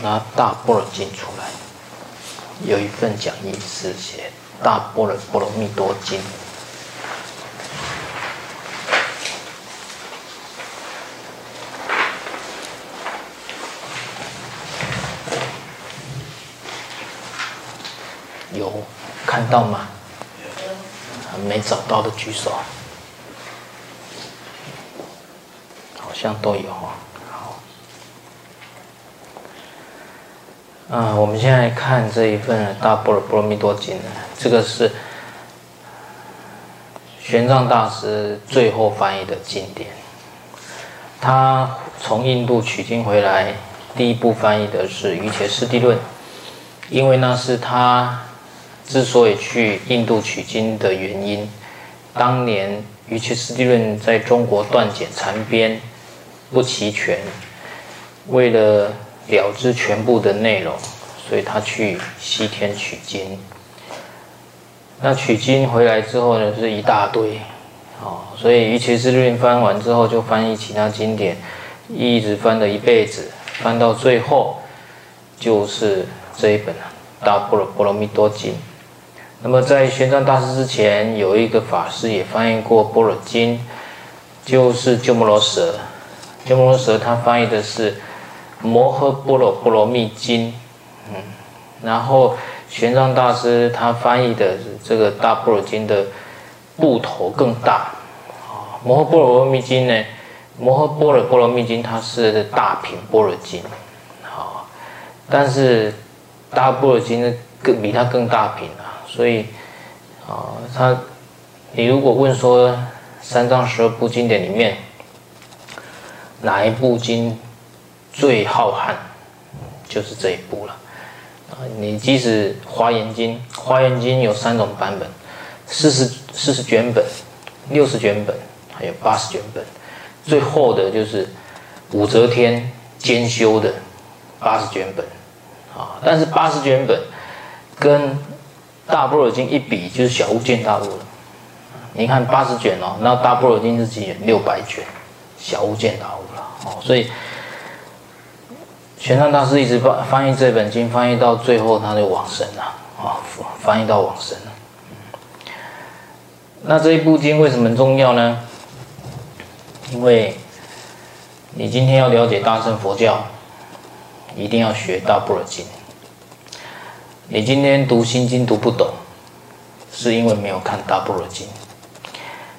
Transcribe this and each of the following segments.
拿《大般若經》出來，有一份講義是寫《大般若波羅蜜多經》。有看到嗎？還沒找到的舉手，好像都有啊。啊、嗯，我們現在看這一份《大般若波羅蜜多經》呢，這個是玄奘大師最後翻譯的經典。他從印度取經回來，第一部翻譯的是《瑜伽師地論》，因為那是他之所以去印度取經的原因。當年《瑜伽師地論》在中國斷簡殘編，不齊全，為了了知全部的內容，所以他去西天取經。那取經回來之後呢，就是一大堆，哦，所以《瑜伽師地論》翻完之後，就翻譯其他經典，一直翻了一輩子，翻到最後就是這一本《大般若波羅蜜多經》。那麼在玄奘大師之前，有一個法師也翻譯過《般若經》，就是鳩摩羅什。鳩摩羅什他翻譯的是。《摩訶般若波羅蜜經》，嗯，然後玄奘大師他翻譯的這個《大般若經》的部頭更大，啊、哦，《摩訶般若波羅蜜經》呢，《摩訶般若波羅蜜經》它是大品般若經，啊、哦，但是《大般若經》更比它更大品啊，所以，啊、哦，他，你如果問說三藏十二部經典裡面哪一部經？最浩瀚，就是這一部了啊！你即使《華嚴經》、《華嚴經》，《華嚴經》有三種版本：四十四十卷本、六十卷本，還有八十卷本。最厚的就是武則天兼修的八十卷本啊！但是八十卷本跟《大般若經》一比，就是小巫見大巫了。你看八十卷哦，那《大般若經》是幾卷？六百卷，卷小巫見大巫了哦，所以。玄奘大師一直翻翻譯這本經，翻譯到最後他就往生了啊、哦，翻譯到往生了。那這一部經為什麼重要呢？因為，你今天要了解大乘佛教，一定要學《大般若經》。你今天讀《心經》讀不懂，是因為沒有看《大般若經》。《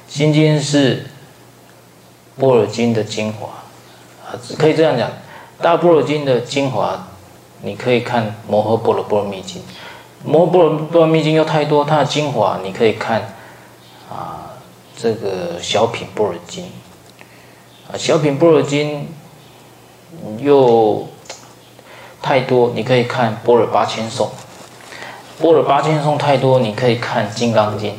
心經》是《般若經》的精華啊，可以這樣講。大般若經的精華，你可以看《摩訶般若波羅蜜經》。摩訶般若波羅蜜經又太多，它的精華你可以看啊，這個小品般若經。啊，小品般若經又太多，你可以看《般若八千頌》。般若八千頌太多，你可以看《金剛經》。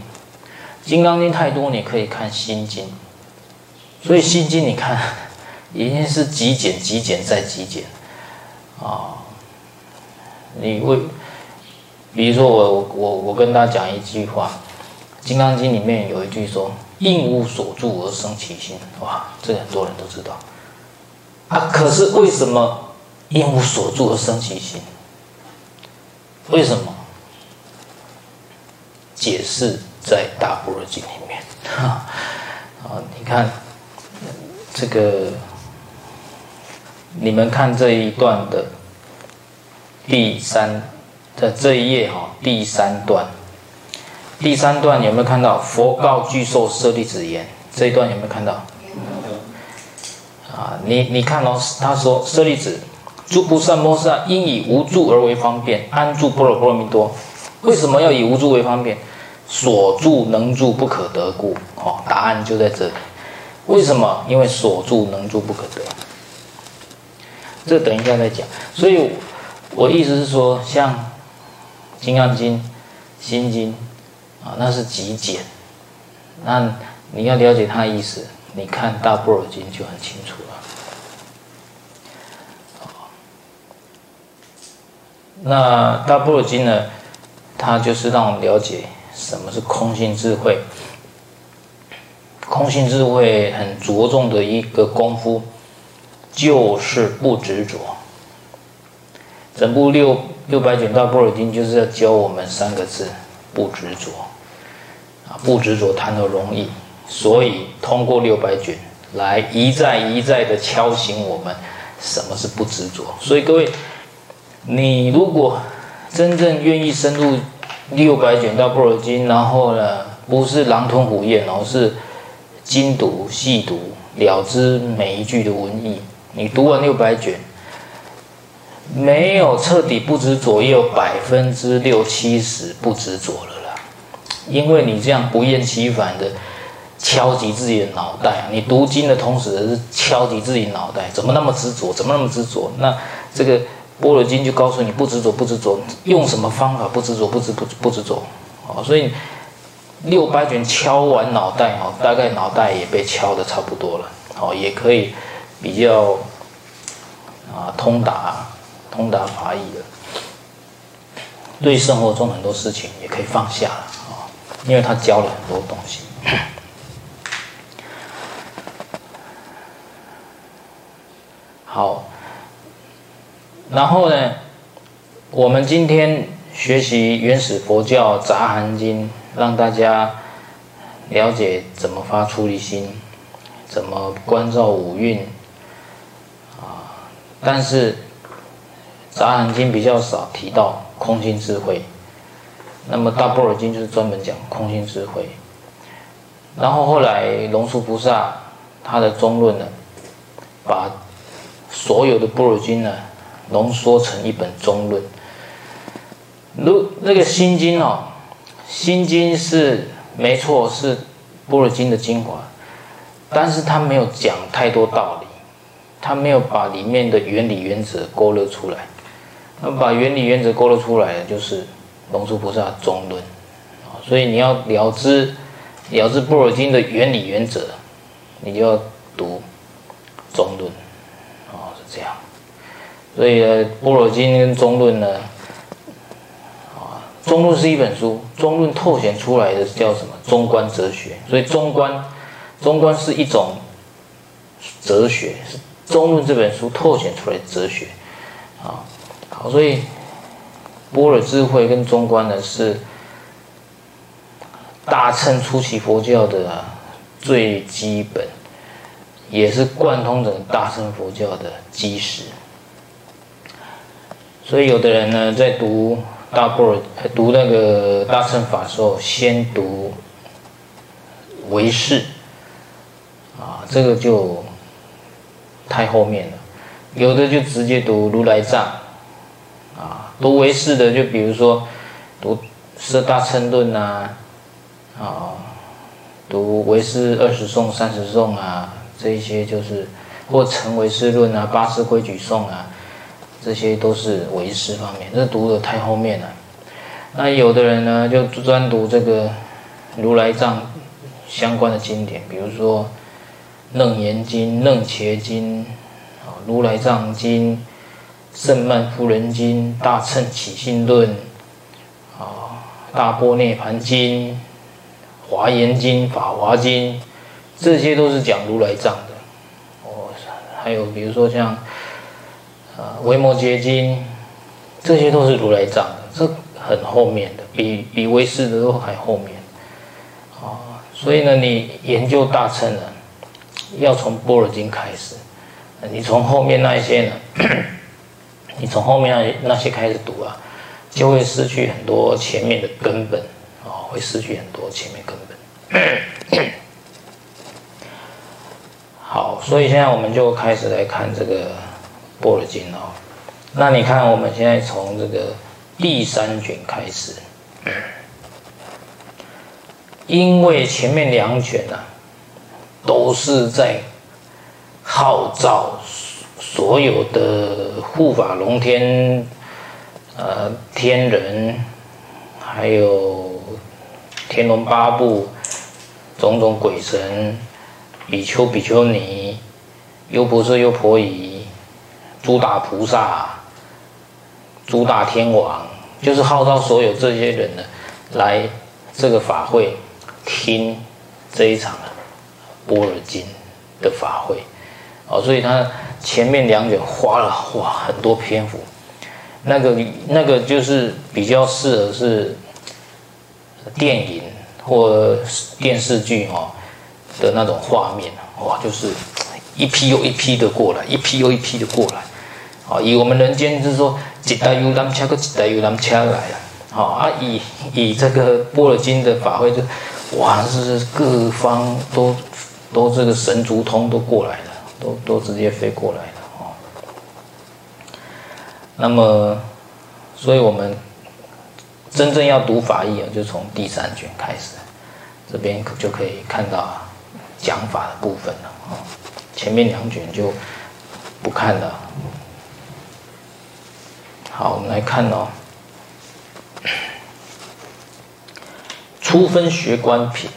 金剛經太多，你可以看《心經》。所以，《心經》你看。嗯 已經是極簡，極簡再極簡，啊、哦！你會，比如說我我我跟大家講一句話，《金剛經》裡面有一句說：“應無所住而生其心。”哇，這個很多人都知道。啊，可是為什麼“應無所住而生其心”？為什麼？解釋在《大般若經》裡面。啊、哦，你看這個。你們看這一段的第三，在這一頁哈、哦，第三段，第三段有沒有看到？佛告具壽舍利子言：這一段有沒有看到？嗯、啊，你你看哦，他說舍利子，諸菩薩摩訶薩應以無住而為方便，安住般若波羅蜜多。為什麼要以無住為方便？所住能住不可得故。哦，答案就在這裡。為什麼？因為所住能住不可得。這等一下再講，所以，我意思是說，像《金剛經》《心經》啊，那是極簡。那你要了解它的意思，你看《大般若經》就很清楚了。那《大般若經》呢，它就是讓我們了解什麼是空性智慧。空性智慧很着重的一個功夫。就是不執着。整部六六百卷《大般若經》就是要教我們三個字：不執着。啊，不執着談何容易？所以通過六百卷來一再一再的敲醒我們，什麼是不執着。所以各位，你如果真正願意深入六百卷《大般若經》，然後呢，不是狼吞虎嚥，而是精讀細讀，了知每一句的文意。你讀完六百卷，沒有徹底不執著，也有百分之六七十不執著了啦。因為你這樣不厭其煩的敲擊自己的腦袋，你讀經的同時是敲擊自己腦袋，怎麼那麼執着怎麼那麼執着那這個《般若經》就告訴你不執着，不執着，用什麼方法不執着不執不執着不執着哦，所以六百卷敲完腦袋哦，大概腦袋也被敲得差不多了。哦，也可以。比較啊通達通達法義的，對生活中很多事情也可以放下啊、哦，因為他教了很多東西。 好，然後呢，我們今天學習原始佛教雜含經，讓大家了解怎麼發出離心，怎麼觀照五蘊。但是《雜阿含經》比較少提到空性智慧，那麼大般若經就是專門講空性智慧。然後後來龍樹菩薩他的中論呢，把所有的般若經呢濃縮成一本中論。如那個心經哦，心經是沒錯是般若經的精華，但是他沒有講太多道理。他沒有把裡面的原理原則勾勒出來，那把原理原則勾勒出來的就是龍樹菩薩的中論，所以你要了知了知般若經的原理原則，你就要讀中論哦，是這樣。所以呢，般若經跟中論呢，啊，中論是一本書，中論透顯出來的叫什麼？中觀哲學。所以中觀，中觀是一種哲學是。中論這本書凸顯出來哲學，啊，好，所以般若智慧跟中觀呢是大乘初期佛教的、啊、最基本，也是貫通整個大乘佛教的基石。所以有的人呢在讀大般若、讀那個大乘法的時候，先讀唯識啊，這個就。太後面了，有的就直接讀如來藏，啊，讀唯識的就比如說讀《攝大乘論》啊，啊，讀唯識二十頌、三十頌啊，這一些就是或成唯識論啊、八識規矩頌啊，這些都是唯識方面，這讀的太後面了。那有的人呢，就專讀這個如來藏相關的經典，比如說。楞嚴經、楞伽經、啊如來藏經、勝鬘夫人經、大乘起信論、啊大般涅槃經、華嚴經、法華經，這些都是講如來藏的。哦，還有比如說像啊維摩詰經，這些都是如來藏的，這很後面的，比比唯識的都還後面。啊、哦，所以呢，你研究大乘啊。要從《般若經》開始，你從後面那一些呢？你從後面那些那些開始讀啊，就會失去很多前面的根本哦，會失去很多前面根本。好，所以現在我們就開始來看這個《般若經》哦，那你看，我們現在從這個第三卷開始，因為前面兩卷呢、啊。都是在號召所有的護法龍天、呃天人，還有天龍八部、種種鬼神、比丘比丘尼、優婆塞優婆夷、諸大菩薩、諸大天王，就是號召所有這些人呢，來這個法會聽這一場。波爾金的法會，哦，所以他前面兩點花了哇很多篇幅，那個那個就是比較適合是電影或電視劇哈的那種畫面，哇，就是一批又一批的過來，一批又一批的過來，啊，以我們人間就是說一台遊覽車又一台遊覽車來了，啊，以以這個般若經的法會就哇是,是各方都。都這個神足通都過來了，都都直接飛過來了哦。那麼，所以我們真正要讀法義啊，就從第三卷開始，這邊就可以看到講法的部分了哦。前面兩卷就不看了。好，我們來看哦，初分學觀品。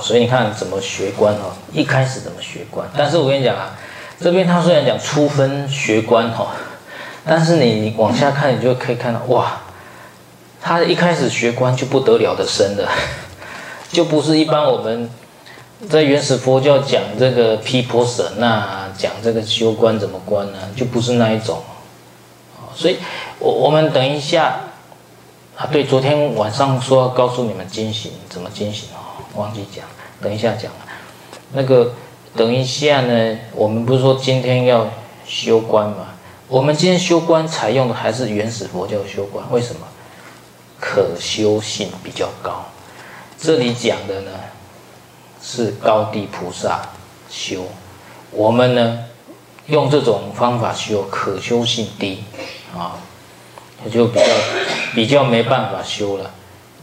所以你看怎麼學觀哦，一開始怎麼學觀？但是我跟你講啊，這邊他雖然講初分學觀哈，但是你往下看，你就可以看到哇，他一開始學觀就不得了的深了，就不是一般我們，在原始佛教講這個毗婆舍那啊，講這個修觀怎麼觀呢？就不是那一種。所以我我們等一下，啊對，昨天晚上說要告訴你們經行怎麼經行忘記講，等一下講了。那個，等一下呢？我們不是說今天要修觀嗎？我們今天修觀採用的還是原始佛教修觀。為什麼？可修性比較高。這裡講的呢，是高地菩薩修。我們呢，用這種方法修，可修性低啊，就比較比較沒辦法修了，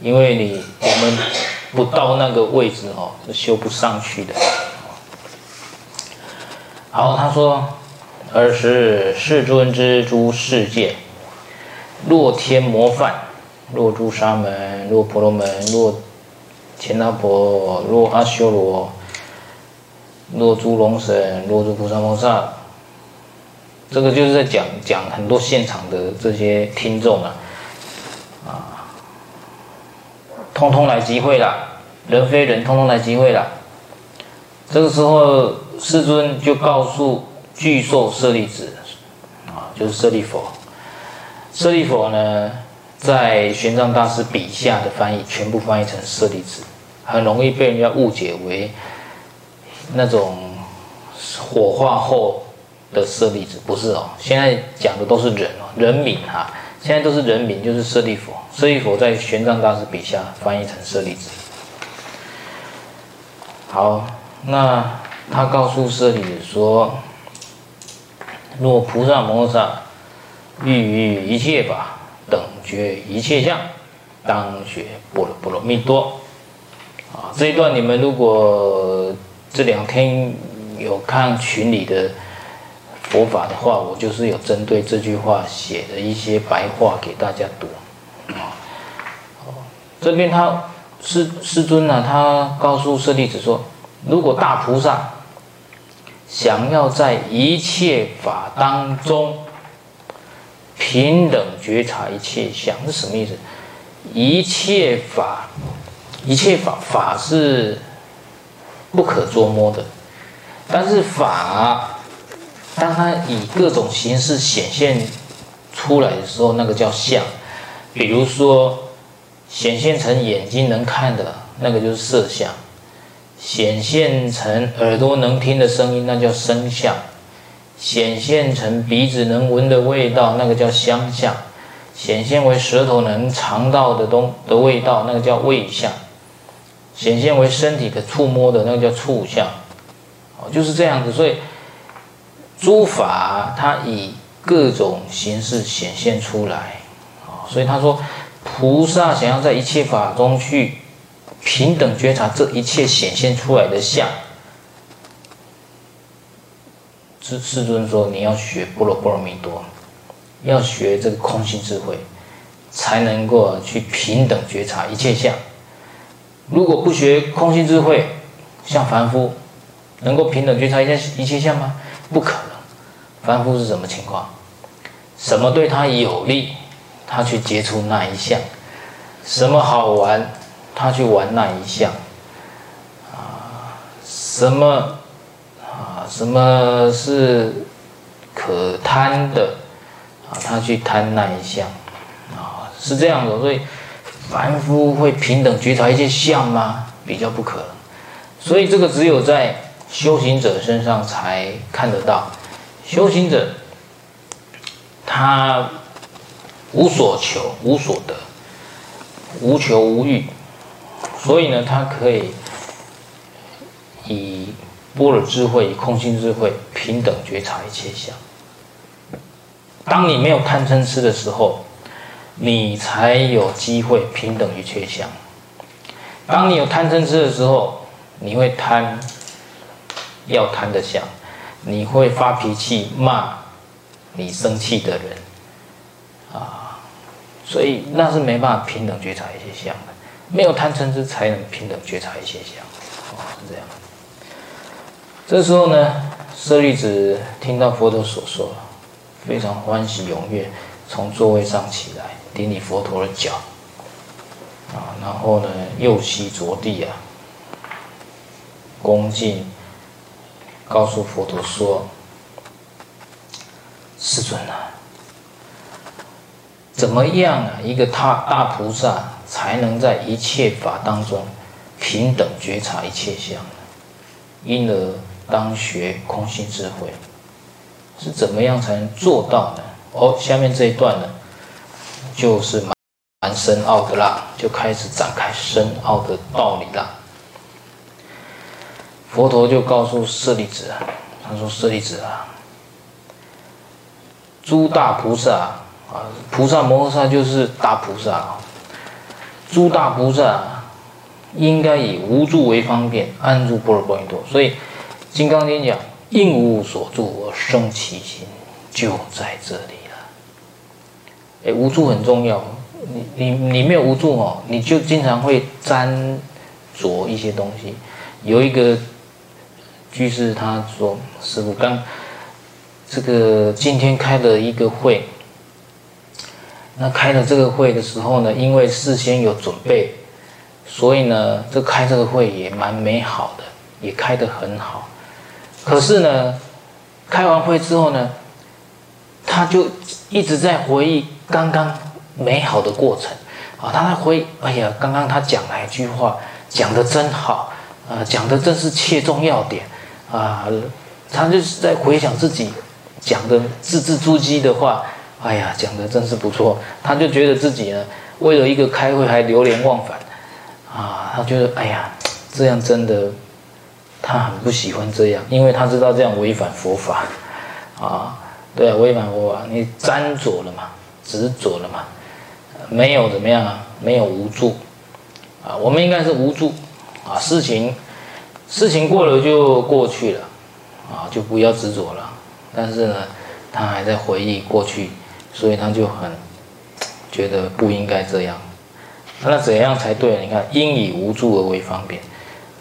因為你我們。不到那個位置哦，是修不上去的。好，他說：“爾時世尊之諸世界，若天魔梵，若諸沙門，若婆羅門，若乾達婆，若阿修羅，若諸龍神，若諸菩薩摩薩。”這個就是在講講很多現場的這些聽眾啊。通通來集會了，人非人通通來集會了。這個時候，世尊就告訴具壽舍利子，啊，就是舍利佛。舍利佛呢，在玄奘大師筆下的翻譯全部翻譯成舍利子，很容易被人家誤解為那種火化後的舍利子，不是哦。現在講的都是人哦，人名哈、啊。現在都是人名，就是舍利弗。舍利弗在玄奘大師筆下翻譯成舍利子。好，那他告訴舍利子說：“若菩薩摩訶薩欲於一切法等覺一切相，當學般若波羅蜜多。”啊，這一段你們如果這兩天有看群裡的佛法的話，我就是有針對這句話寫的一些白話給大家讀啊、嗯。這邊他師師尊呢、啊，他告訴舍利子說，如果大菩薩想要在一切法當中平等覺察一切相，是什麼意思？一切法，一切法，法是不可捉摸的，但是法、啊。當它以各種形式顯現出來的時候，那個叫相。比如說，顯現成眼睛能看的那個就是色相；顯現成耳朵能聽的聲音，那叫聲相；顯現成鼻子能聞的味道，那個叫香相；顯現為舌頭能嘗到的東的味道，那個叫味相；顯現為身體的觸摸的，那個叫觸相。哦，就是這樣子，所以。諸法它以各種形式顯現出來，啊，所以他說，菩薩想要在一切法中去平等覺察這一切顯現出來的相，是世尊說，你要學般若波羅蜜多，要學這個空性智慧，才能夠去平等覺察一切相。如果不學空性智慧，像凡夫，能夠平等覺察一切一切相嗎？不可。凡夫是什麼情況？什麼對他有利，他去接觸那一項；什麼好玩，他去玩那一項；啊，什麼啊，什麼是可貪的，啊，他去貪那一項；啊，是這樣的，所以凡夫會平等覺察一些相嗎？比較不可能，所以這個只有在修行者身上才看得到。修行者，他無所求、無所得、無求無欲，所以呢，他可以以般若智慧、以空性智慧平等覺察一切相。當你沒有貪嗔痴的時候，你才有機會平等於一切相；當你有貪嗔痴的時候，你會貪，要貪的相。你會發脾氣罵你生氣的人啊，所以那是沒辦法平等覺察一些相的，沒有貪嗔痴才能平等覺察一些相，啊、哦、是這樣。這時候呢，舍利子聽到佛陀所說，非常歡喜踊躍，從座位上起來，頂禮佛陀的腳啊，然後呢右膝着地啊，恭敬。告訴佛陀說：“世尊啊，怎麼樣啊？一個他大菩薩才能在一切法當中平等覺察一切相，因而當學空性智慧，是怎麼樣才能做到呢？哦，下面這一段呢，就是蠻蠻深奧的啦，就開始展開深奧的道理啦。”佛陀就告訴舍利子啊，他說：“舍利子啊，諸大菩薩啊，菩薩摩訶薩就是大菩薩啊，諸大菩薩應該以無住為方便，安住般若波羅蜜多。所以，《金剛經》講‘應無所住而生其心’，就在這裡了。哎，無住很重要，你你你沒有無住哦，你就經常會沾着一些東西，有一個。”居士他說：“師父，剛這個今天開了一個會，那開了這個會的時候呢，因為事先有準備，所以呢，這開這個會也蠻美好的，也開得很好。可是呢，開完會之後呢，他就一直在回憶剛剛美好的過程啊，他在回憶：哎呀，剛剛他講了一句話，講得真好，啊、呃，講得真是切中要點。”啊，他就是在回想自己講的字字珠璣的話，哎呀，講的真是不錯。他就覺得自己呢，為了一個開會還流連忘返，啊，他覺得哎呀，這樣真的，他很不喜歡這樣，因為他知道這樣違反佛法，啊，對，啊，違反佛法，你沾着了嘛，執着了嘛，沒有怎麼樣，啊，沒有無住，啊，我們應該是無住，啊，事情。事情過了就過去了，啊，就不要執着了。但是呢，他還在回憶過去，所以他就很覺得不應該這樣。那怎樣才對？你看，應以無住而為方便，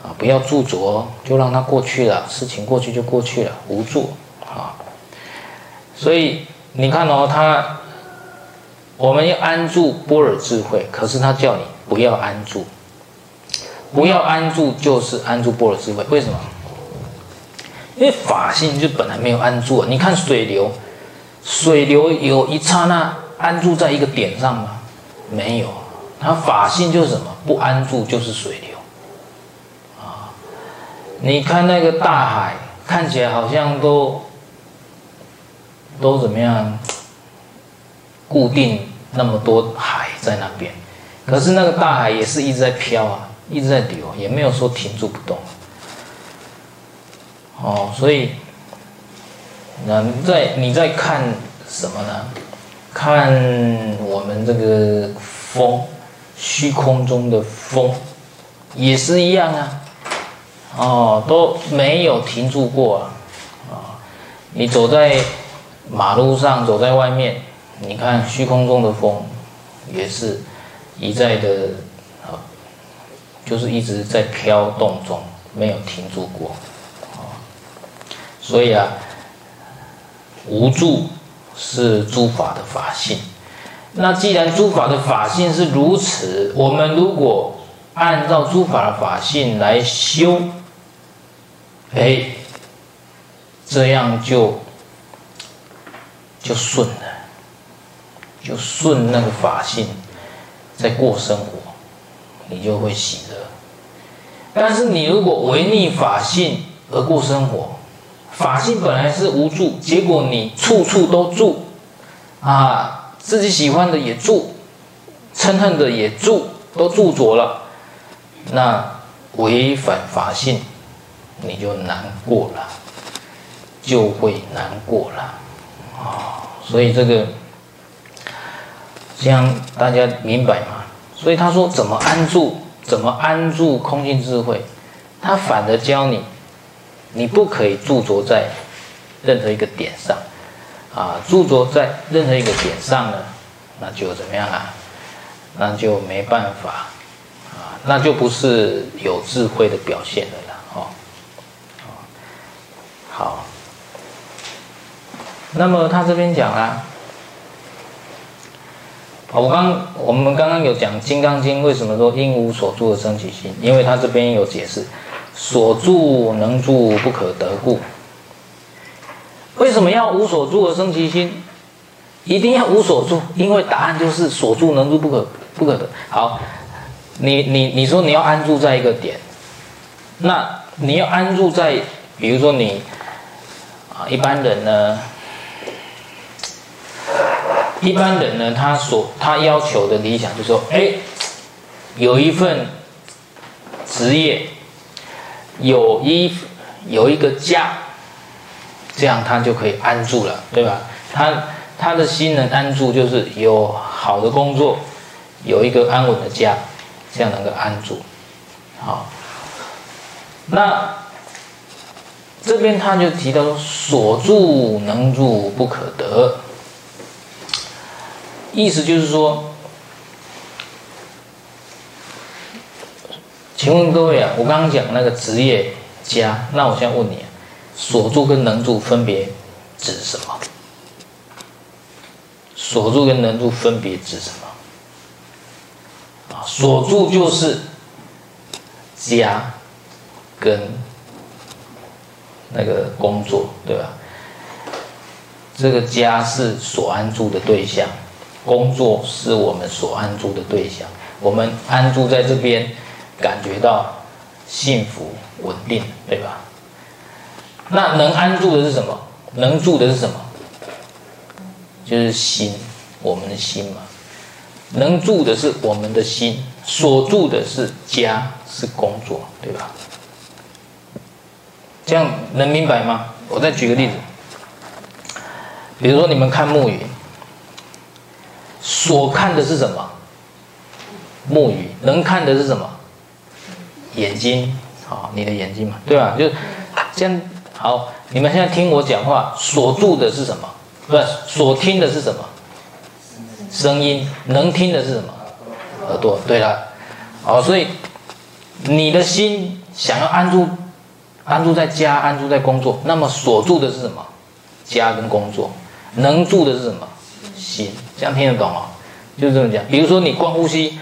啊，不要執着，就讓他過去了。事情過去就過去了，無住啊。所以你看哦，他我們要安住般若智慧，可是他叫你不要安住。不要安住，就是安住般若智慧。為什麼？因為法性就本來沒有安住啊。你看水流，水流有一剎那安住在一個點上嗎？沒有。它法性就是什麼？不安住就是水流啊。你看那個大海，看起來好像都都怎麼樣？固定那麼多海在那邊，可是那個大海也是一直在飄啊。一直在丟，也沒有說停住不動。哦，所以，那在你在看什麼呢？看我們這個風，虛空中的風，也是一樣啊。哦，都沒有停住過啊，哦，你走在馬路上，走在外面，你看虛空中的風，也是一再的。就是一直在飄動中，沒有停住過，啊，所以啊，無住是諸法的法性。那既然諸法的法性是如此，我們如果按照諸法的法性來修，哎，這樣就就順了，就順那個法性，在過生活。你就會喜樂，但是你如果違逆法性而過生活，法性本來是無住，結果你處處都住，啊，自己喜歡的也住，嗔恨的也住，都住着了，那違反法性，你就難過了，就會難過了，啊、哦，所以這個，這樣大家明白嗎？所以他說，怎麼安住？怎麼安住空性智慧？他反的教你，你不可以住著在任何一個點上，啊，住著在任何一個點上呢，那就怎麼樣啊？那就沒辦法，啊，那就不是有智慧的表現的了啦，哦，好，那麼他這邊講啦。我剛我們剛剛有講《金剛經》，為什麼說應無所住而生其心？因為他這邊有解釋，所住能住不可得故。為什麼要無所住而生其心？一定要無所住，因為答案就是所住能住不可不可得。好，你你你說你要安住在一個點，那你要安住在，比如說你啊一般人呢？一般人呢，他所他要求的理想就是說，哎，有一份職業，有一有一個家，這樣他就可以安住了，對吧？他他的心能安住，就是有好的工作，有一個安穩的家，這樣能夠安住。好，那這邊他就提到說，所住能住不可得。意思就是說，請問各位啊，我剛剛講那個職業家，那我現在問你，啊，所住跟能住分別指什麼？所住跟能住分別指什麼？啊，所住就是家跟那個工作，對吧？這個家是所安住的對象。工作是我們所安住的對象，我們安住在這邊，感覺到幸福穩定，對吧？那能安住的是什麼？能住的是什麼？就是心，我們的心嘛。能住的是我們的心，所住的是家，是工作，對吧？這樣能明白嗎？我再舉個例子，比如說你們看木魚。所看的是什麼？木魚。能看的是什麼？眼睛啊，你的眼睛嘛，對吧？就，啊、這樣好，你們現在聽我講話，所住的是什麼？不是，所聽的是什麼？聲音。能聽的是什麼？耳朵，對了，哦，所以你的心想要安住，安住在家，安住在工作，那麼所住的是什麼？家跟工作。能住的是什麼？心。這樣聽得懂嗎？就是這麼講，比如說你觀呼吸，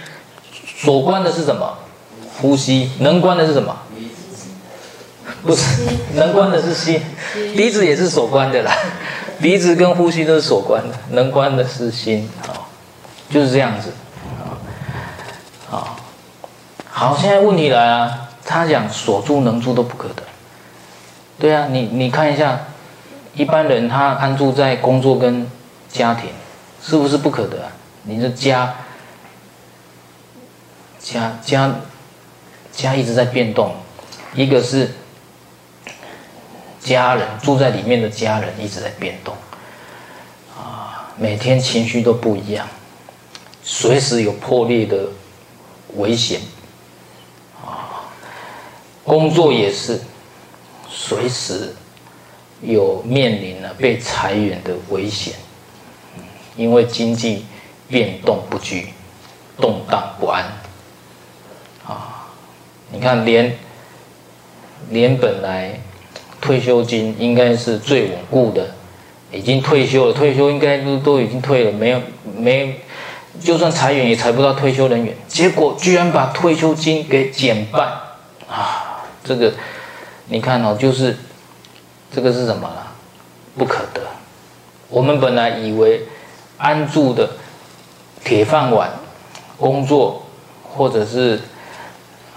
所觀的是什麼？呼吸。能觀的是什麼？鼻子。不是，能觀的是心。鼻子也是所觀的啦，鼻子跟呼吸都是所觀的，能觀的是心。就是這樣子。啊，好，好，現在問題來了，他講所住能住都不可得。對啊，你你看一下，一般人他安住在工作跟家庭。是不是不可得啊？你的家，家家家一直在變動，一個是家人住在裡面的家人一直在變動，啊，每天情緒都不一樣，隨時有破裂的危險，啊，工作也是，隨時有面臨了被裁員的危險。因為經濟變動不居，動盪不安啊！你看連，連連本來退休金應該是最穩固的，已經退休了，退休應該都都已經退了，沒有沒就算裁員也裁不到退休人員，結果居然把退休金給減半啊！這個你看哦，就是這個是什麼了、啊？不可得。我們本來以為。安住的鐵飯碗工作，或者是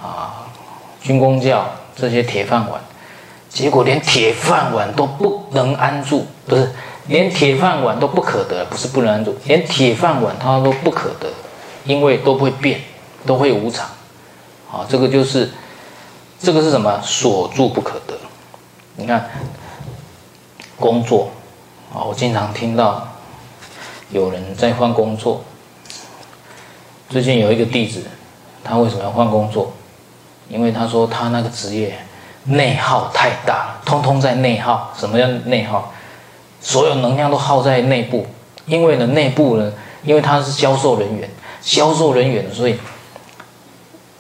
啊軍公教這些鐵飯碗，結果連鐵飯碗都不能安住，不是連鐵飯碗都不可得，不是不能安住，連鐵飯碗它都不可得，因為都不會變，都會無常，啊，這個就是這個是什麼？所住不可得。你看工作啊，我經常聽到，有人在換工作。最近有一個弟子，他為什麼要換工作？因為他說他那個職業內耗太大，通通在內耗。什麼叫內耗？所有能量都耗在內部。因為呢，內部呢，因為他是銷售人員，銷售人員，所以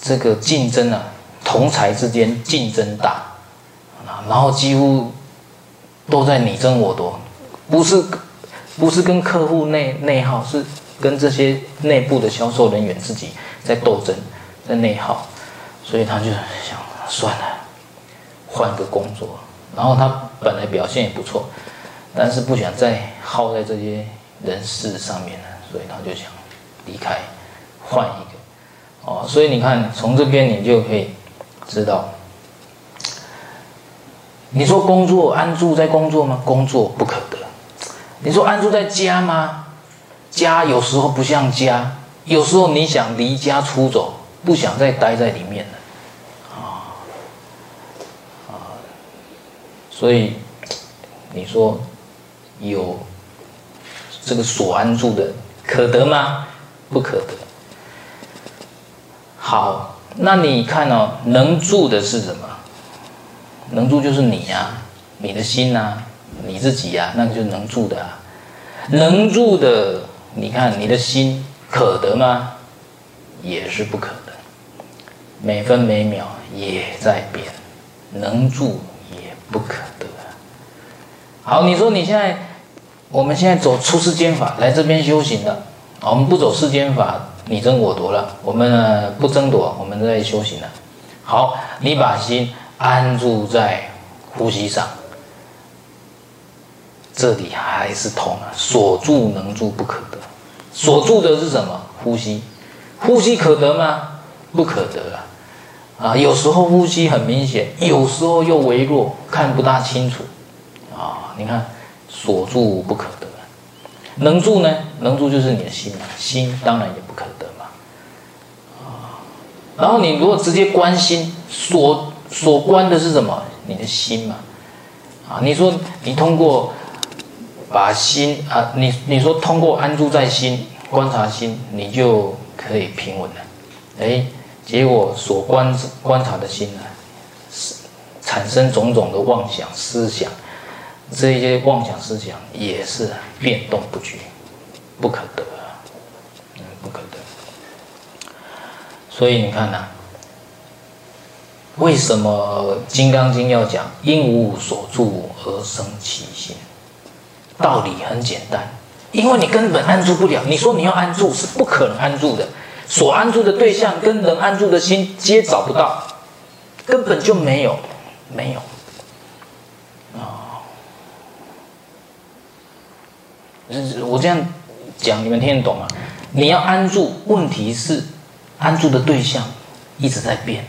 這個競爭啊，同儕之間競爭大，然後幾乎都在你爭我奪，不是。不是跟客戶內內耗，是跟這些內部的銷售人員自己在鬥爭，在內耗，所以他就想算了，換個工作。然後他本來表現也不錯，但是不想再耗在這些人事上面了，所以他就想離開，換一個。哦，所以你看，從這邊你就可以知道，你說工作安住在工作嗎？工作不可得。你說安住在家嗎？家有時候不像家，有時候你想離家出走，不想再待在裡面了，啊、哦、啊、哦！所以你說有這個所安住的可得嗎？不可得。好，那你看哦，能住的是什麼？能住就是你呀、啊，你的心吶、啊。你自己呀、啊，那個就能住的、啊，能住的，你看你的心可得嗎？也是不可得，每分每秒也在變，能住也不可得。好，你說你現在，我們現在走出世間法來這邊修行了，我們不走世間法，你爭我奪了，我們不爭奪，我們在修行了。好，你把心安住在呼吸上。這裡還是痛啊，所住能住不可得，所住的是什麼？呼吸，呼吸可得嗎？不可得啊！啊，有時候呼吸很明顯，有時候又微弱，看不大清楚啊！你看，所住不可得，能住呢？能住就是你的心嘛，心當然也不可得嘛，啊！然後你如果直接觀心，所所觀的是什麼？你的心嘛，啊！你說你通過。把心啊，你你說通過安住在心觀察心，你就可以平穩了。哎，結果所觀觀察的心呢，是產生種種的妄想思想，這一些妄想思想也是變動不居，不可得，不可得。所以你看呢、啊，為什麼《金剛經》要講應無所住而生其心？道理很簡單，因為你根本安住不了。你說你要安住是不可能安住的，所安住的對象跟能安住的心皆找不到，根本就沒有，沒有。啊、哦，我這樣講你們聽得懂嗎？你要安住，問題是安住的對象一直在變。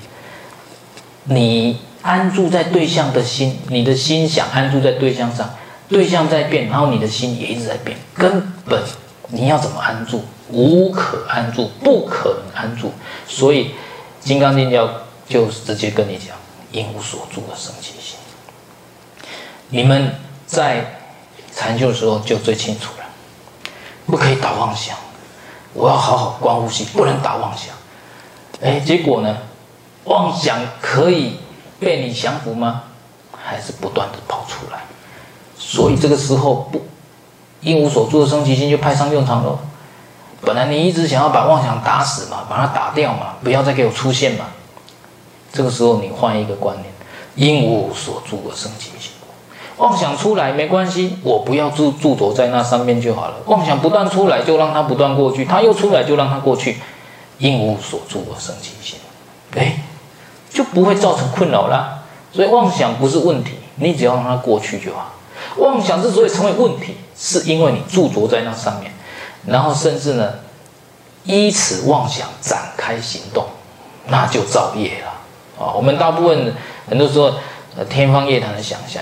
你安住在對象的心，你的心想安住在對象上。對象在變，然後你的心也一直在變，根本你要怎麼安住？無可安住，不可能安住。所以《金剛經》教就直接跟你講：應無所住而生其心。你們在禪修的時候就最清楚了，不可以打妄想。我要好好觀呼吸，不能打妄想。哎，結果呢？妄想可以被你降服嗎？還是不斷的跑出來？所以這個時候，不，應無所住的生其心就派上用場了。本來你一直想要把妄想打死嘛，把它打掉嘛，不要再給我出現嘛。這個時候你換一個觀念，應無所住而生其心。妄想出來沒關係，我不要住住著在那上面就好了。妄想不斷出來，就讓它不斷過去。它又出來，就讓它過去。應無所住而生其心，哎，就不會造成困擾啦。所以妄想不是問題，你只要讓它過去就好。妄想之所以成為問題，是因為你住著在那上面，然後甚至呢，依此妄想展開行動，那就造業了啊、哦！我們大部分很多時候、呃、天方夜譚的想象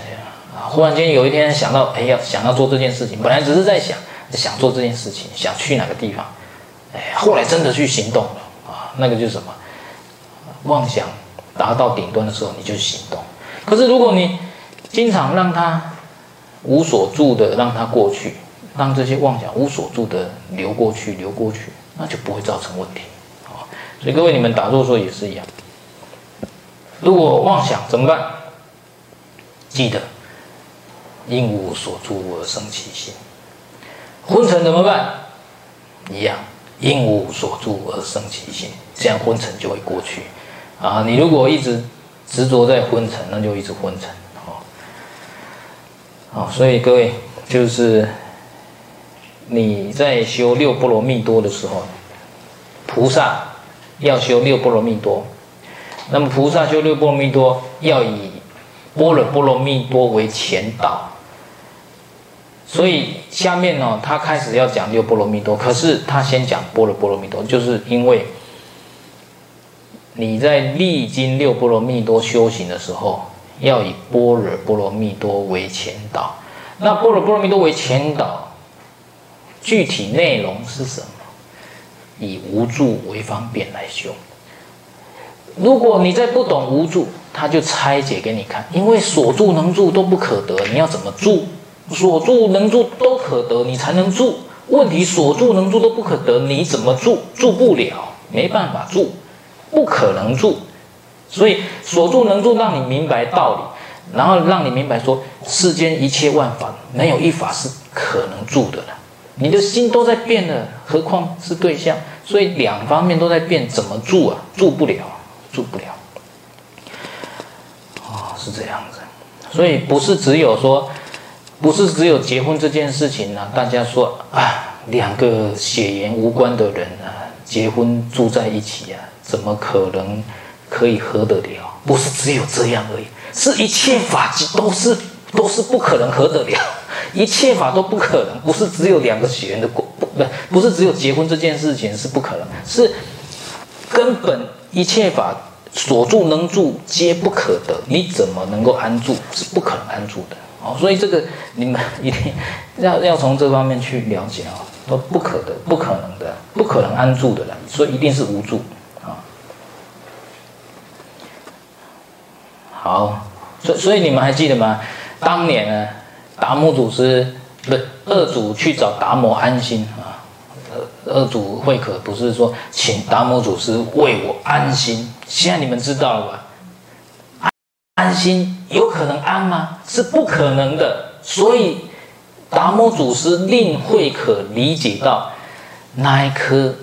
啊，忽然間有一天想到，哎，呀，想要做這件事情，本來只是在想想做這件事情，想去哪個地方，哎，後來真的去行動了啊，那個就是什麼妄想達到頂端的時候，你就行動。可是如果你經常讓他無所住的，讓它過去；讓這些妄想無所住的流過去，流過去，那就不會造成問題。好，所以各位，你們打坐的時候也是一樣。如果妄想怎麼辦？記得，應無所住而生其心。昏沉怎麼辦？一樣，應無所住而生其心，這樣昏沉就會過去。啊，你如果一直執着在昏沉，那就一直昏沉。好，所以各位，就是你在修六波羅蜜多的時候，菩薩要修六波羅蜜多，那麼菩薩修六波羅蜜多要以般若波羅蜜多為前導，所以下面呢，他開始要講六波羅蜜多，可是他先講般若波羅蜜多，就是因為你在歷經六波羅蜜多修行的時候。要以般若波羅蜜多為前導，那般若波羅蜜多為前導，具體內容是什麼？以無住為方便來修。如果你再不懂無住，他就拆解給你看。因為所住能住都不可得，你要怎麼住？所住能住都可得，你才能住。問題，所住能住都不可得，你怎麼住？住不了，沒辦法住，不可能住。所以，所住能住，讓你明白道理，然後讓你明白說，世間一切萬法，沒有一法是可能住的了。你的心都在變了，何況是對象？所以兩方面都在變，怎麼住啊？住不了，住不了。哦，是這樣子。所以不是只有說，不是只有結婚這件事情呢、啊。大家說啊，兩個血緣無關的人啊，結婚住在一起啊，怎麼可能？可以合得了，不是只有這樣而已，是一切法都是都是不可能合得了，一切法都不可能，不是只有兩個起源的過不，不是只有結婚這件事情是不可能，是根本一切法所住能住皆不可得，你怎麼能夠安住，是不可能安住的哦，所以這個你們一定要要從這方面去了解啊、哦，都不，不可得，不可能的，不可能安住的了，所以一定是無住的。好，所所以你們還記得嗎？當年呢，達摩祖師不是二祖去找達摩安心啊，二二祖慧可不是說請達摩祖師為我安心？現在你們知道了吧？安心有可能安嗎？是不可能的。所以達摩祖師令慧可理解到，那一顆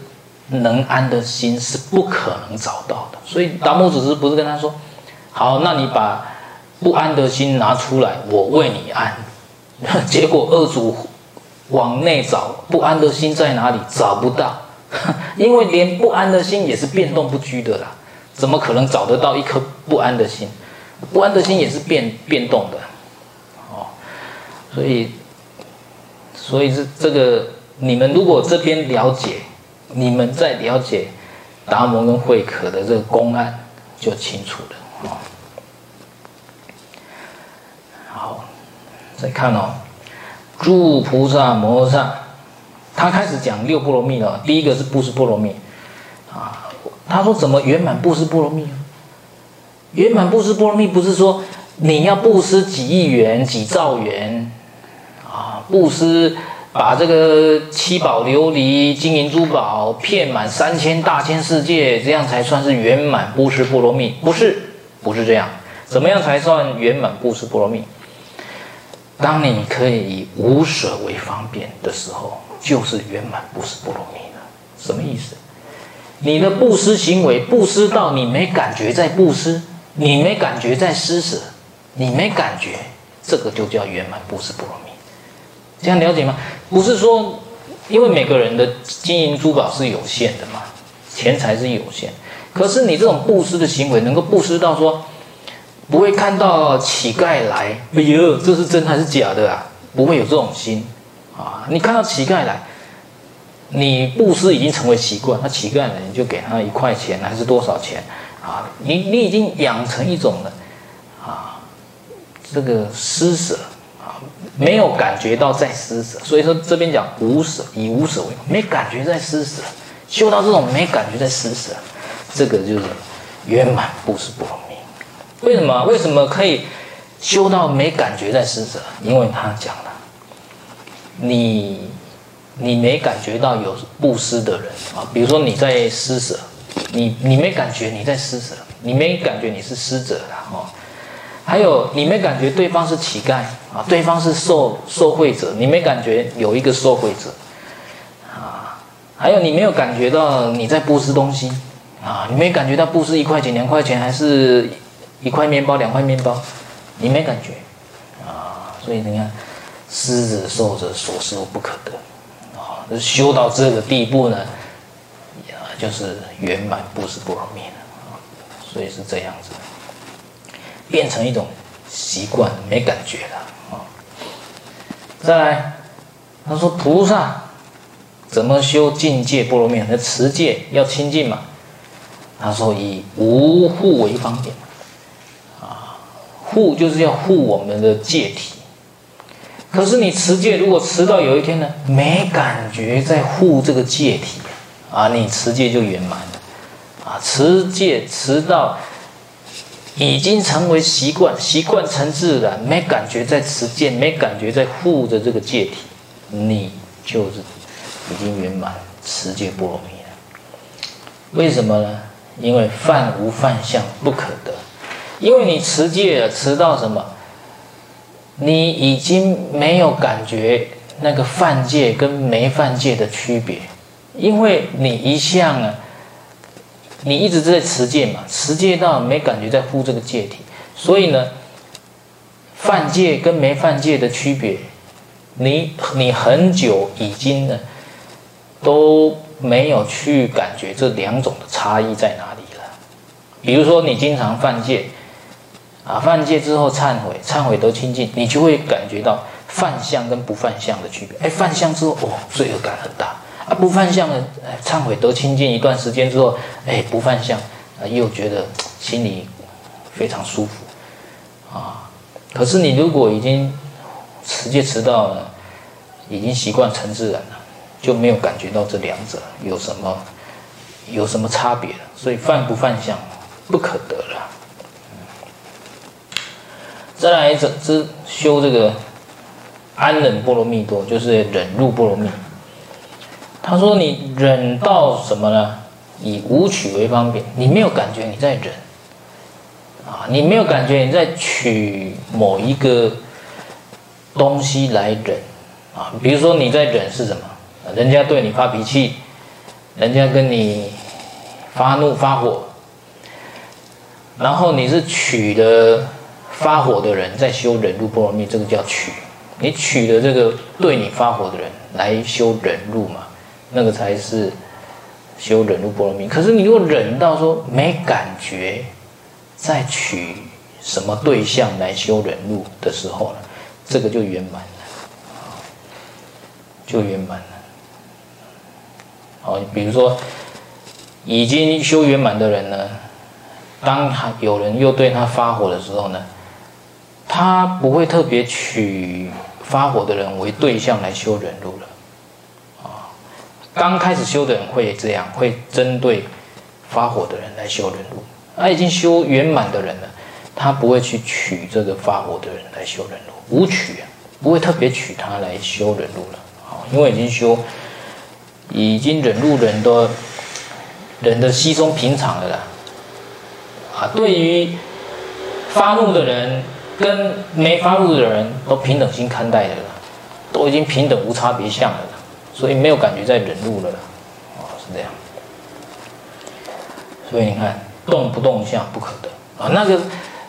能安的心是不可能找到的。所以達摩祖師不是跟他說。好，那你把不安的心拿出來，我為你安。結果二祖往內找不安的心在哪裡？找不到，因為連不安的心也是變動不居的啦，怎麼可能找得到一顆不安的心？不安的心也是變變動的，哦，所以，所以是這個。你們如果這邊了解，你們再了解達摩跟慧可的這個公案，就清楚了。哦、好，再看哦。諸菩薩摩薩，他開始講六波羅蜜了。第一個是布施波羅蜜啊，他說，怎麼圓滿布施波羅蜜？圓滿布施波羅蜜不是說你要布施幾億元、幾兆元啊，布施把這個七寶琉璃、金銀珠寶遍滿三千大千世界，這樣才算是圓滿布施波羅蜜，不是？不是這樣，怎麼樣才算圓滿布施波羅蜜？當你可以以無捨為方便的時候，就是圓滿布施波羅蜜了。什麼意思？你的布施行為、布施到你沒感覺在布施，你在施，你沒感覺在施捨，你沒感覺，這個就叫圓滿布施波羅蜜。這樣了解嗎？不是說，因為每個人的金銀珠寶是有限的嘛，錢財是有限的。的可是你這種布施的行為，能夠布施到說，不會看到乞丐來，哎呦，這是真還是假的啊？不會有這種心，啊，你看到乞丐來，你布施已經成為習慣，那乞丐呢，你就給他一塊錢還是多少錢啊？你你已經養成一種了，啊，這個施舍啊，沒有感覺到在施舍，所以說這邊講無舍以無舍為，沒感覺在施舍，修到這種沒感覺在施舍。這個就是圓滿布施不羅不明，為什麼？為什麼可以修到沒感覺在施舍？因為他講了，你你沒感覺到有布施的人啊，比如說你在施舍，你你沒感覺你在施舍，你沒感覺你是施者，然後還有，你沒感覺對方是乞丐啊，對方是受受賄者，你沒感覺有一個受賄者啊。還有，你沒有感覺到你在布施東西。啊，你沒感覺到布施一塊錢、兩塊錢，還是一塊麵包、兩塊麵包？你沒感覺啊？所以你看，施者受者所受不可得啊！修到這個地步呢，啊、就是圓滿布施波羅蜜。啊！所以是這樣子，變成一種習慣，沒感覺了啊。再來，他說菩薩怎麼修境界波羅蜜，那持戒要清淨嘛。他說：“以無護為方便，啊，護就是要護我們的戒體。可是你持戒，如果持到有一天呢，沒感覺在護這個戒體，啊，你持戒就圓滿了。啊，持戒持到已經成為習慣，習慣成自然，沒感覺在持戒，沒感覺在護着這個戒體，你就是已經圓滿了持戒，不容易了。為什麼呢？”因為犯無犯相不可得，因為你持戒了，啊，持到什麼？你已經沒有感覺那個犯戒跟沒犯戒的區別，因為你一向呢，啊，你一直在持戒嘛，持戒到沒感覺在護這個戒體，所以呢，犯戒跟沒犯戒的區別，你你很久已經呢都。沒有去感覺這兩種的差異在哪裡了。比如說，你經常犯戒，啊，犯戒之後懺悔，懺悔得清淨，你就會感覺到犯相跟不犯相的區別。哎，犯相之後，哦，罪惡感很大；啊，不犯相呢，哎，懺悔得清淨一段時間之後，哎，不犯相，啊，又覺得心裡非常舒服。啊，可是你如果已經持戒持到了，已經習慣成自然了。就沒有感覺到這兩者有什麼有什麼差別，所以犯不犯相不可得了。嗯，再來一者之修這個安忍波羅蜜多，就是忍辱波羅蜜。他說你忍到什麼呢？以無取為方便，你沒有感覺你在忍啊，你沒有感覺你在取某一個東西來忍啊，比如說你在忍是什麼？人家對你發脾氣，人家跟你發怒發火，然後你是取的發火的人在修忍辱波羅蜜，這個叫取，你取的這個對你發火的人來修忍辱嘛，那個才是修忍辱波羅蜜。可是你如果忍到說沒感覺，再取什麼對象來修忍辱的時候了，這個就圓滿了，就圓滿了。好，比如說，已經修圓滿的人呢，當他有人又對他發火的時候呢，他不會特別取發火的人為對象來修忍辱了。啊，剛開始修的人會這樣，會針對發火的人來修忍辱。那已經修圓滿的人了，他不會去取這個發火的人來修忍辱。無取，不會特別取他來修忍辱了。好，因為已經修。已經忍辱忍都忍的稀鬆平常了啦。啊，對於發怒的人跟沒發怒的人都平等心看待的啦，都已經平等無差別相了，所以沒有感覺在忍辱了啦。啊，是這樣。所以你看，動不動相不可得啊，那個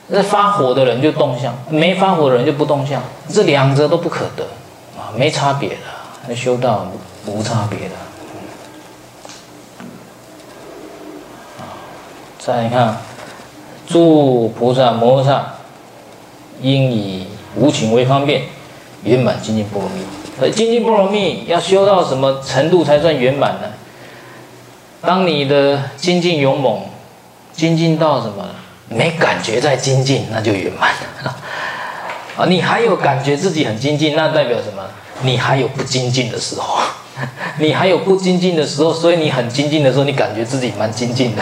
那發火的人就動相，沒發火的人就不動相，這兩者都不可得啊，沒差別的，那修道無，無差別的。再來看，諸菩薩摩訶薩應以無情為方便，圓滿精進波羅蜜。精進波羅蜜要修到什麼程度才算圓滿呢？當你的精進勇猛，精進到什麼沒感覺在精進，那就圓滿了。啊，你還有感覺自己很精進，那代表什麼？你還有不精進的時候，你還有不精進的時候，所以你很精進的時候，你感覺自己蠻精進的。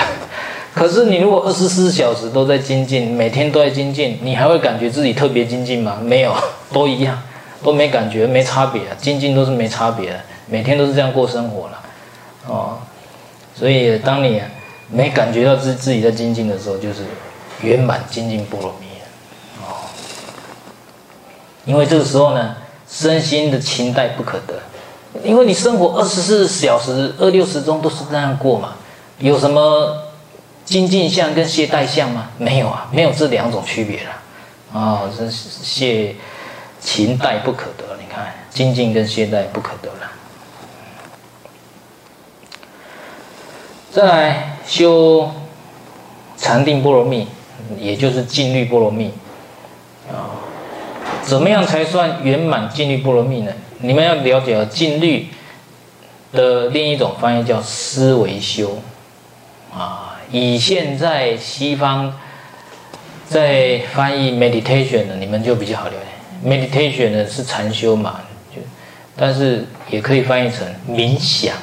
可是你如果二十四小時都在精進，每天都在精進，你還會感覺自己特別精進嗎？沒有，都一樣，都沒感覺，沒差別，精進都是沒差別的，每天都是這樣過生活了，哦。所以當你沒感覺到自自己在精進的時候，就是圓滿精進波羅蜜。哦。因為這個時候呢，身心的勤怠不可得，因為你生活二十四小時、二六時中都是這樣過嘛，有什麼？精進相跟懈怠相嗎？沒有啊，沒有這兩種區別了。啊、哦，這是懈勤怠不可得。你看，精進跟懈怠不可得了。再來修禪定波羅蜜，也就是靜慮波羅蜜啊、哦。怎麼樣才算圓滿靜慮波羅蜜呢？你們要了解靜慮的另一種翻譯叫思維修啊。以現在西方在翻譯 meditation 的，你們就比較好了解。meditation 是禪修嘛，就，但是也可以翻譯成冥想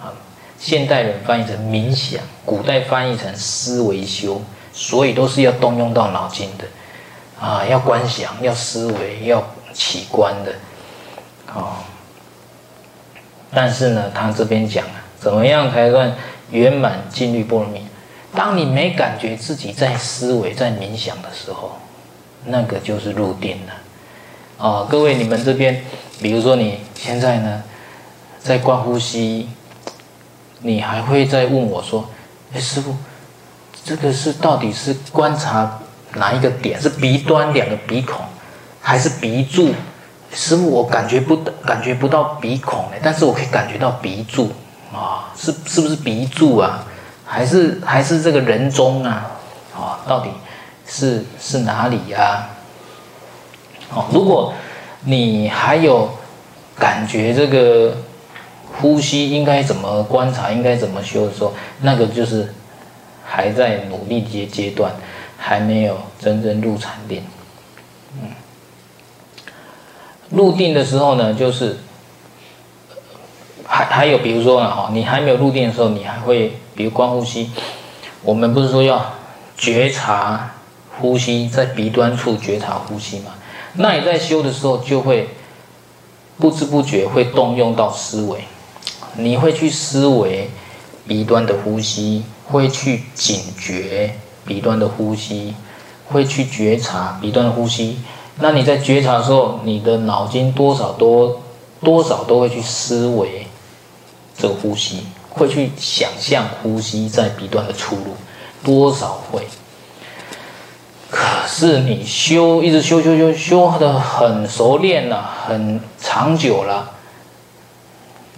啊。現代人翻譯成冥想，古代翻譯成思維修，所以都是要動用到腦筋的啊，要觀想，要思維，要起觀的啊。但是呢，他這邊講啊，怎麼樣才算圓滿靜慮波羅蜜？當你沒感覺自己在思維、在冥想的時候，那個就是入定了。啊、哦，各位，你們這邊，比如說你現在呢，在觀呼吸，你還會再問我說：“哎，師父，這個是到底是觀察哪一個點？是鼻端兩個鼻孔，還是鼻柱？”師父，我感覺不，感覺不到鼻孔欸，但是我可以感覺到鼻柱啊、哦，是是不是鼻柱啊？還是還是這個人中啊，啊、哦，到底是是哪裡呀、啊？哦，如果你還有感覺這個呼吸應該怎麼觀察，應該怎麼修的時候，那個就是還在努力階階段，還沒有真正入禪定。嗯，入定的時候呢，就是還還有比如說呢、哦，你還沒有入定的時候，你還會。比如觀呼吸，我們不是說要覺察呼吸在鼻端處覺察呼吸嗎？那你在修的時候就會不知不覺會動用到思維，你會去思維鼻端的呼吸，會去警覺鼻端的呼吸，會去覺察鼻端的呼吸。那你在覺察的時候，你的腦筋多少多多少都會去思維這個呼吸。會去想象呼吸在鼻端的出入多少會，可是你修一直修修修修的很熟練了，很長久了，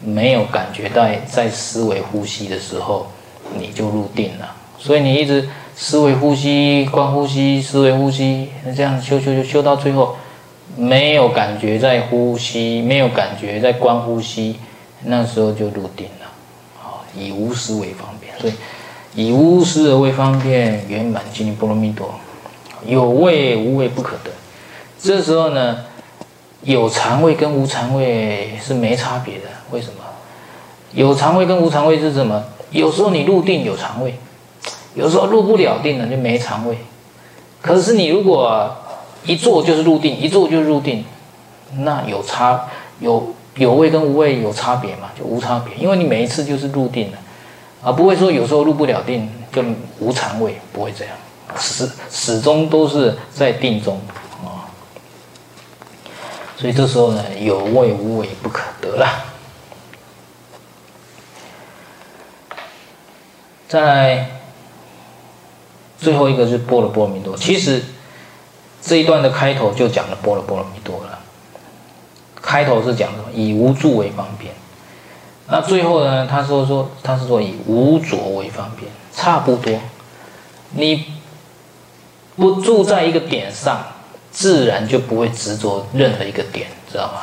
沒有感覺到在，在思維呼吸的時候你就入定了，所以你一直思維呼吸、觀呼吸、思維呼吸，那這樣修修修修到最後，沒有感覺在呼吸，沒有感覺在觀呼吸，那時候就入定了。以無私為方便，所以以無私而為方便，圓滿究竟般若波羅蜜多。有味無味不可得。這時候呢，有嘗味跟無嘗味是沒差別的。為什麼？有嘗味跟無嘗味是什麼？有時候你入定有嘗味，有時候入不了定呢就沒嘗味。可是你如果一坐就是入定，一坐就入定，那有差有有味跟無味有差別嘛？就無差別，因為你每一次就是入定了啊，不會說有時候入不了定就無禪味，不會這樣，始始終都是在定中啊、哦。所以這時候呢，有味無味不可得了。再來，最後一個是波羅波羅蜜多。其實這一段的開頭就講了波羅波羅蜜多了。開頭是講什麼？以無住為方便。那最後呢？他說說，他是說以無着為方便，差不多。你不住在一個點上，自然就不會執着任何一個點，知道嗎？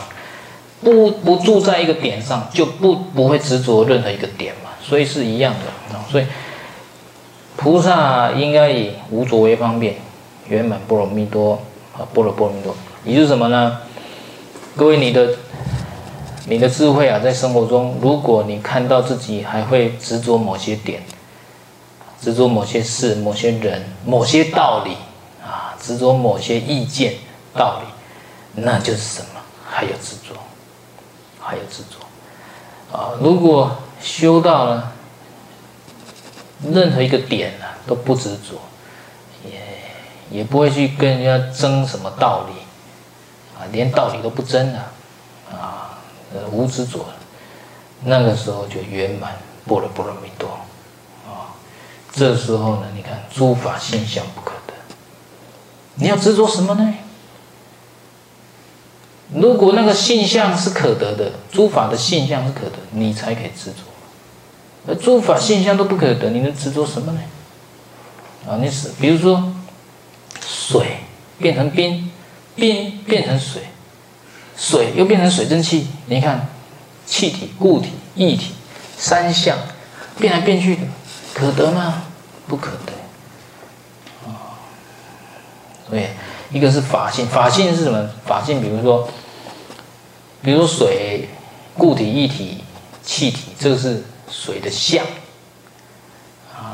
不不住在一個點上，就不不會執着任何一個點嘛。所以是一樣的。所以菩薩應該以無着為方便，圓滿般若波羅蜜多啊，般若波羅蜜多。也就是什麼呢？各位，你的你的智慧啊，在生活中，如果你看到自己還會執着某些點，執着某些事、某些人、某些道理啊，執着某些意見道理，那就是什麼？還有執着，還有執着啊！如果修到了，任何一個點呢，啊，都不執着，也也不會去跟人家爭什麼道理。連道理都不爭了，啊，啊，無執着，那個時候就圓滿般若波羅蜜多，啊，這時候呢，你看諸法現象不可得，你要執着什麼呢？如果那個現象是可得的，諸法的現象是可得，你才可以執着；而諸法現象都不可得，你能執着什麼呢？啊，你是比如說，水變成冰。冰變，變成水，水又變成水蒸氣。你看，氣體、固體、液體三相變來變去，可得嗎？不可得。哦，所以，一個是法性，法性是什麼？法性比如說，比如水，固體、液體、氣體，這個是水的相啊，哦。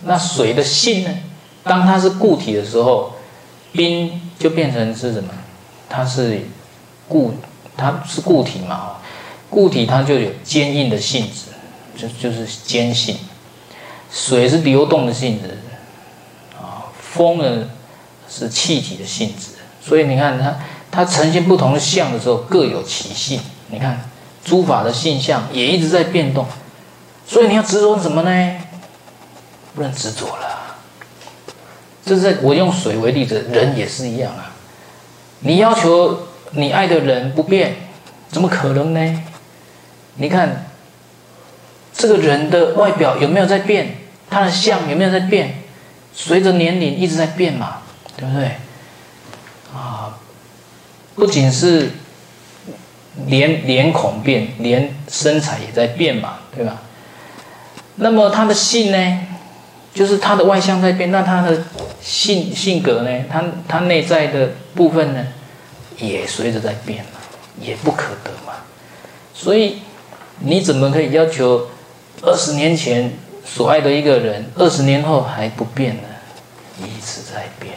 那水的性呢？當它是固體的時候。冰就變成是什麼？它是固，它是固體嘛？固體它就有堅硬的性質，就就是堅性。水是流動的性質，啊，風呢是氣體的性質。所以你看它，它呈現不同的相的時候，各有其性。你看諸法的性相也一直在變動，所以你要執着什麼呢？不能執着了。就是我用水為例子，人也是一樣啊。你要求你愛的人不變，怎麼可能呢？你看這個人的外表有沒有在變？他的相有沒有在變？隨着年齡一直在變嘛，對不對？啊，不僅是臉臉孔變，連身材也在變嘛，對吧？那麼他的性呢？就是他的外相在變，那他的性性格呢？他他內在的部分呢，也隨着在變嘛，也不可得嘛。所以你怎麼可以要求二十年前所愛的一個人，二十年後還不變呢？一直在變，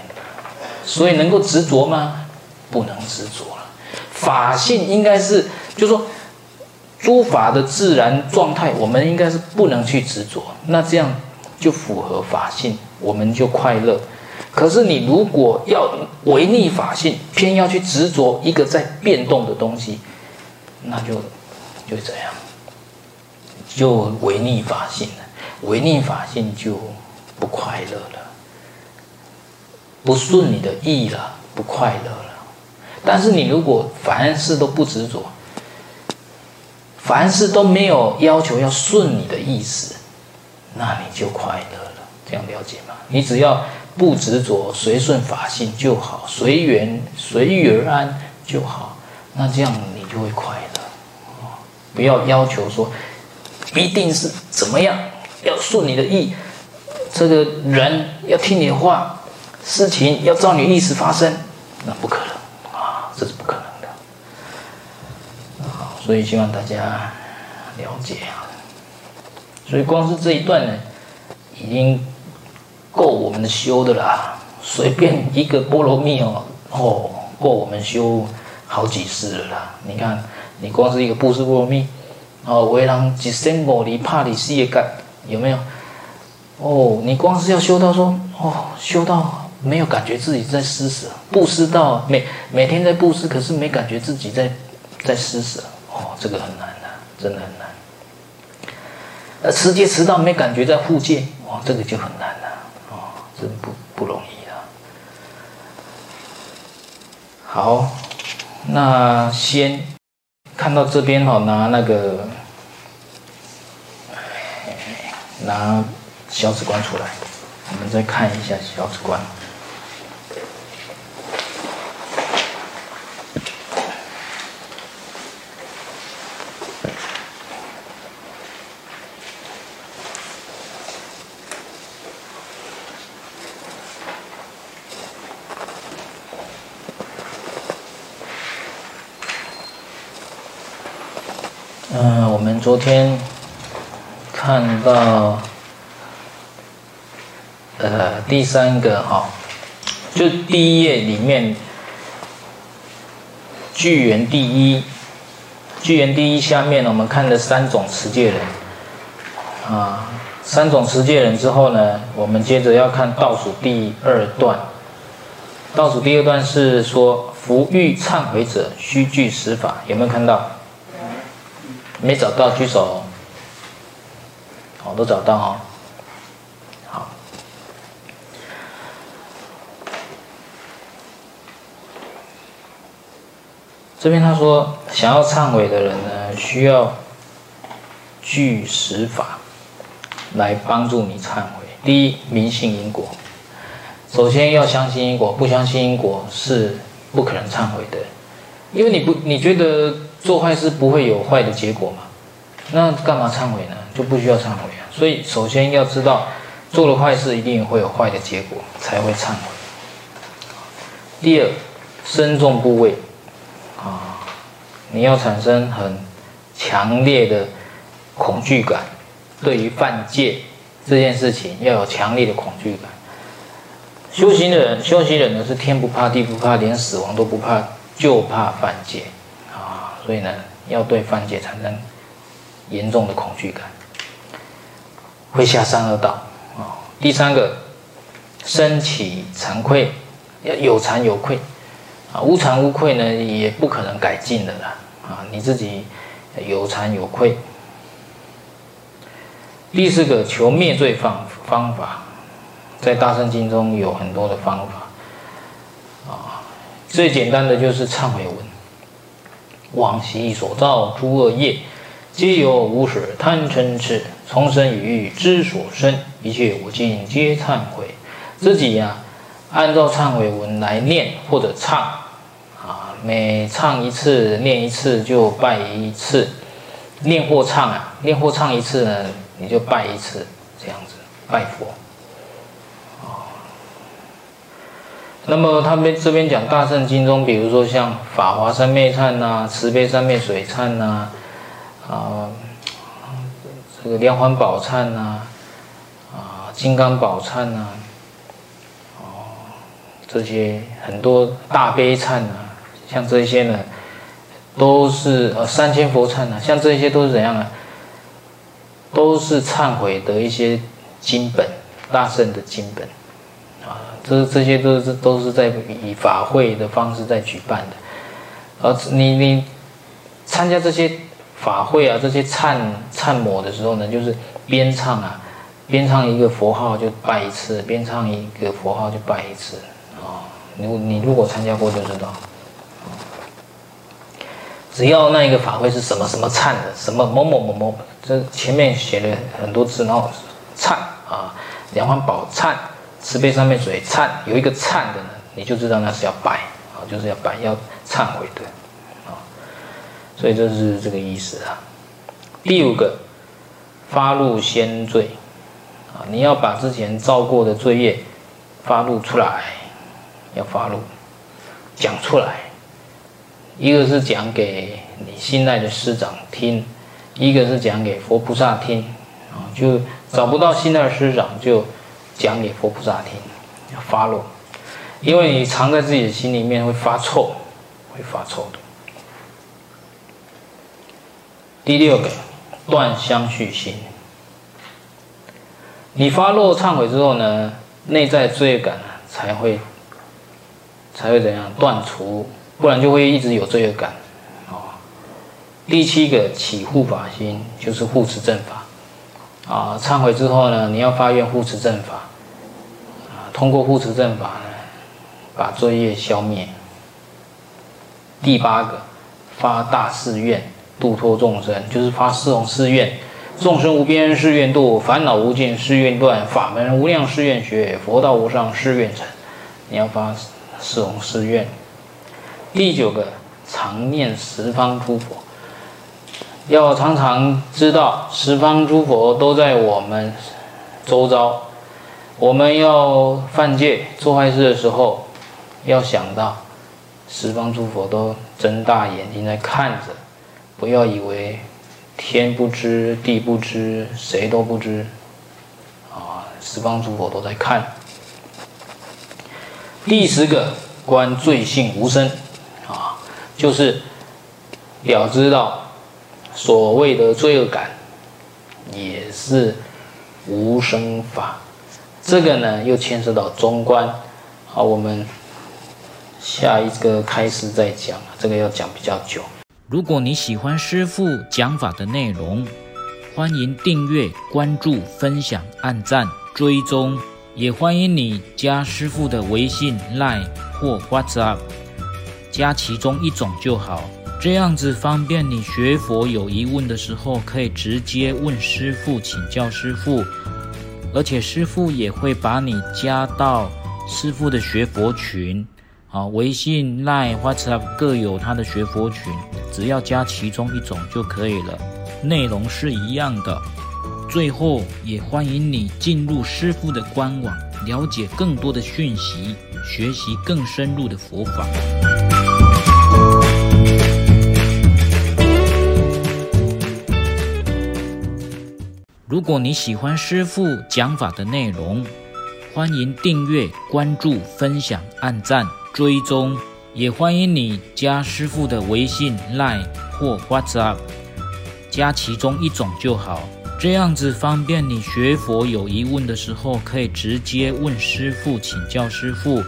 所以能夠執着嗎？不能執着了。法性應該是，就是說諸法的自然狀態，我們應該是不能去執着。那這樣，就符合法性，我們就快樂。可是你如果要違逆法性，偏要去執着一個在變動的東西，那就就這樣，就違逆法性了。違逆法性就不快樂了，不順你的意了，不快樂了。但是你如果凡事都不執着，凡事都沒有要求要順你的意思。那你就快樂了，這樣了解嗎？你只要不執着，隨順法性就好，隨緣隨遇而安就好。那這樣你就會快樂。不要要求說，一定是怎麼樣，要順你的意，這個人要聽你的話，事情要照你意思發生，那不可能啊，這是不可能的。所以希望大家了解啊。所以光是這一段呢，已經夠我們的修的啦。隨便一個波羅蜜哦，哦，夠我們修好幾次了啦。你看，你光是一個布施波羅蜜，哦，為讓只身我你帕里西的感有沒有？哦，你光是要修到說，哦，修到沒有感覺自己在施捨，布施到每每天在布施，可是沒感覺自己在在施捨，哦，這個很難的啊，真的很難。呃，持戒持到沒感覺在護戒，哇、哦，這個就很難了，啊，哦，真不不容易了，啊。好，那先看到這邊哈、哦，拿那個拿小止觀出來，我們再看一下小止觀。嗯、呃，我們昨天看到呃第三個哈、哦，就第一頁裡面，具緣第一，具緣第一下面呢，我們看了三種持戒人，啊、呃，三種持戒人之後呢，我們接着要看倒數第二段，倒數第二段是說，夫欲懺悔者，須具十法，有沒有看到？沒找到、哦，舉手。好，都找到哦。好，這邊他說，想要懺悔的人呢，需要具十法來幫助你懺悔。第一，明信因果，首先要相信因果，不相信因果是不可能懺悔的，因為你不，你覺得。做壞事不會有壞的結果嘛？那幹嘛懺悔呢？就不需要懺悔啊。所以首先要知道，做了壞事一定會有壞的結果，才會懺悔。第二，生重怖畏啊，你要產生很強烈的恐懼感，對於犯戒這件事情要有強烈的恐懼感。修行的人，修行人呢是天不怕地不怕，連死亡都不怕，就怕犯戒。所以呢，要對犯戒產生嚴重的恐懼感，會下三惡道啊。第三個，昇起慚愧，要有慚有愧啊。無慚無愧呢，也不可能改進的了啦啊。你自己有慚有愧。第四個，求滅罪方方法，在大乘經中有很多的方法啊、哦。最簡單的就是懺悔文。往昔所造諸惡業，皆由無始貪嗔癡。從身語意之所生，一切我今皆懺悔。自己呀、啊，按照懺悔文來念或者唱啊，每唱一次、念一次就拜一次，念或唱啊，念或唱一次呢，你就拜一次，這樣子拜佛。那麼他們這邊講大乘經中，比如說像法華三昧懺吶、慈悲三昧水懺吶、啊、啊、呃，這個蓮華寶懺吶、啊、啊、呃、金剛寶懺吶、啊，哦、呃，這些很多大悲懺吶、啊，像這些呢，都是呃三千佛懺吶、啊，像這些都是怎樣呢、啊、都是懺悔的一些經本，大乘的經本。這這些都是都是在以法會的方式在舉辦的，而你你參加這些法會啊，這些懺懺摩的時候呢，就是邊唱啊，邊唱一個佛號就拜一次，邊唱一個佛號就拜一次啊、哦。你你如果參加過就知道，只要那一個法會是什麼什麼懺的，什麼某某某某，這前面寫了很多字，然後懺啊，梁皇寶懺。慈悲上面水懺有一個懺的呢，你就知道那是要拜啊，就是要拜要懺悔的啊，所以這是這個意思啊。第五個發露先罪啊，你要把之前造過的罪業發露出來，要發露講出來，一個是講給你信賴的師長聽，一個是講給佛菩薩聽啊，就找不到信賴的師長就。講給佛菩薩聽，發露，因為你藏在自己的心裡面會發臭，會發臭的。第六個，斷相續心。你發露懺悔之後呢，內在罪惡感才會，才會怎樣？斷除，不然就會一直有罪惡感。哦。第七個，起護法心，就是護持正法。啊，懺悔之後呢，你要發願護持正法。通過護持正法呢，把罪業消滅。第八個，發大誓願度脫眾生，就是發四種誓願：眾生無邊誓願度，煩惱無盡誓願斷，法門無量誓願學，佛道無上誓願成。你要發四種誓願。第九個，常念十方諸佛，要常常知道十方諸佛都在我們周遭。我們要犯戒做壞事的時候，要想到十方諸佛都睜大眼睛在看着，不要以為天不知地不知誰都不知，啊，十方諸佛都在看。第十個觀罪性無生，啊，就是要知道所謂的罪惡感，也是無生法。這個呢，又牽涉到中觀，好，我們下一個開始再講，這個要講比較久。如果你喜歡師父講法的內容，歡迎訂閱、關注、分享、按讚、追蹤，也歡迎你加師父的微信、Line 或 WhatsApp，加其中一種就好，這樣子方便你學佛有疑問的時候可以直接問師父，請教師父。而且師父也會把你加到師父的學佛群，啊，微信、LINE、WhatsApp 各有他的學佛群，只要加其中一種就可以了，內容是一樣的。最後也歡迎你進入師父的官網，了解更多的訊息，學習更深入的佛法。如果你喜歡師父講法的內容，歡迎訂閱、關注、分享、按讚、追蹤，也歡迎你加師父的微信、Line 或 WhatsApp，加其中一種就好。這樣子方便你學佛有疑問的時候可以直接問師父請教師父，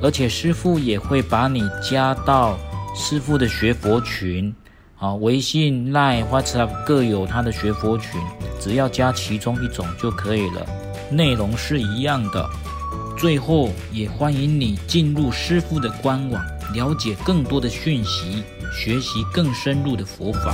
而且師父也會把你加到師父的學佛群。好，微信、Line、WhatsApp 各有他的學佛群，只要加其中一種就可以了，內容是一樣的。最後，也歡迎你進入師父的官網，了解更多的訊息，學習更深入的佛法。